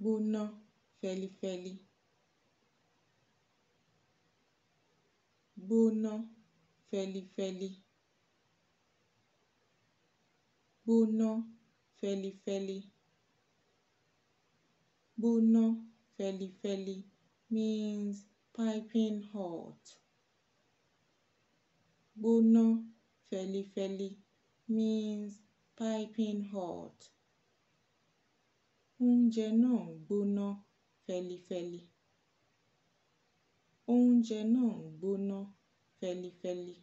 gbóná fẹ́lífẹ́lí gbóná fẹ́lífẹ́lí gbóná fẹ́lífẹ́lí gbóná fẹ́lífẹ́lí means piping hot gbóná fẹ́lífẹ́lí means piping hot Oúnjẹ náà ń gbóná fẹlifẹli. Oúnjẹ náà ń gbóná fẹlifẹli.